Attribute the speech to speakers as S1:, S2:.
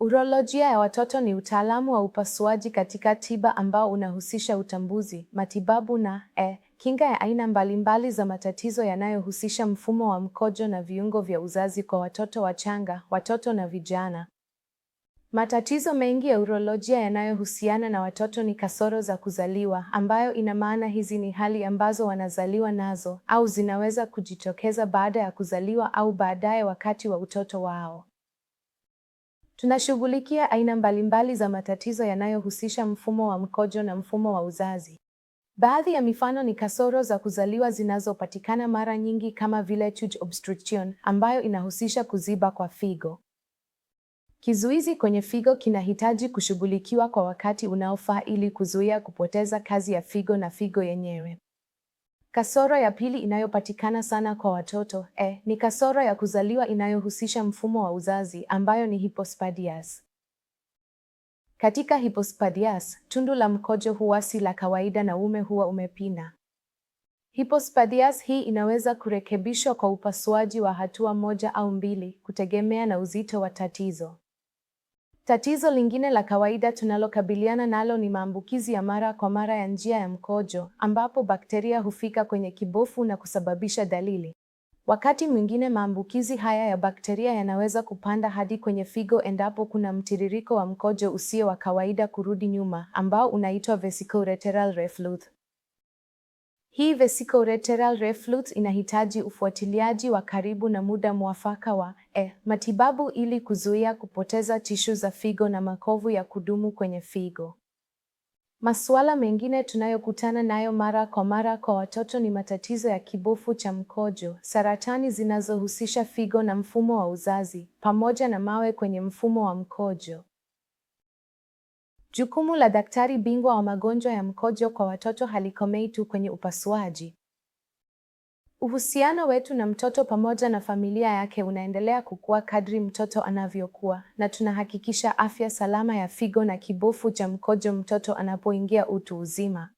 S1: Urolojia ya watoto ni utaalamu wa upasuaji katika tiba ambao unahusisha utambuzi, matibabu na e, kinga ya aina mbalimbali za matatizo yanayohusisha mfumo wa mkojo na viungo vya uzazi kwa watoto wachanga, watoto na vijana. Matatizo mengi ya urolojia yanayohusiana na watoto ni kasoro za kuzaliwa, ambayo ina maana hizi ni hali ambazo wanazaliwa nazo au zinaweza kujitokeza baada ya kuzaliwa au baadaye wakati wa utoto wao. Tunashughulikia aina mbalimbali za matatizo yanayohusisha mfumo wa mkojo na mfumo wa uzazi. Baadhi ya mifano ni kasoro za kuzaliwa zinazopatikana mara nyingi kama vile tube obstruction ambayo inahusisha kuziba kwa figo. Kizuizi kwenye figo kinahitaji kushughulikiwa kwa wakati unaofaa ili kuzuia kupoteza kazi ya figo na figo yenyewe. Kasoro ya pili inayopatikana sana kwa watoto eh, ni kasoro ya kuzaliwa inayohusisha mfumo wa uzazi ambayo ni hypospadias. Katika hypospadias, tundu la mkojo huwa si la kawaida na ume huwa umepinda. Hypospadias hii inaweza kurekebishwa kwa upasuaji wa hatua moja au mbili kutegemea na uzito wa tatizo. Tatizo lingine la kawaida tunalokabiliana nalo ni maambukizi ya mara kwa mara ya njia ya mkojo, ambapo bakteria hufika kwenye kibofu na kusababisha dalili. Wakati mwingine maambukizi haya ya bakteria yanaweza kupanda hadi kwenye figo endapo kuna mtiririko wa mkojo usio wa kawaida kurudi nyuma, ambao unaitwa vesicoureteral reflux. Hii vesicoureteral reflux inahitaji ufuatiliaji wa karibu na muda mwafaka wa eh, matibabu ili kuzuia kupoteza tishu za figo na makovu ya kudumu kwenye figo. Masuala mengine tunayokutana nayo mara kwa mara kwa watoto ni matatizo ya kibofu cha mkojo, saratani zinazohusisha figo na mfumo wa uzazi, pamoja na mawe kwenye mfumo wa mkojo. Jukumu la daktari bingwa wa magonjwa ya mkojo kwa watoto halikomei tu kwenye upasuaji. Uhusiano wetu na mtoto pamoja na familia yake unaendelea kukua kadri mtoto anavyokuwa, na tunahakikisha afya salama ya figo na kibofu cha mkojo mtoto anapoingia utu uzima.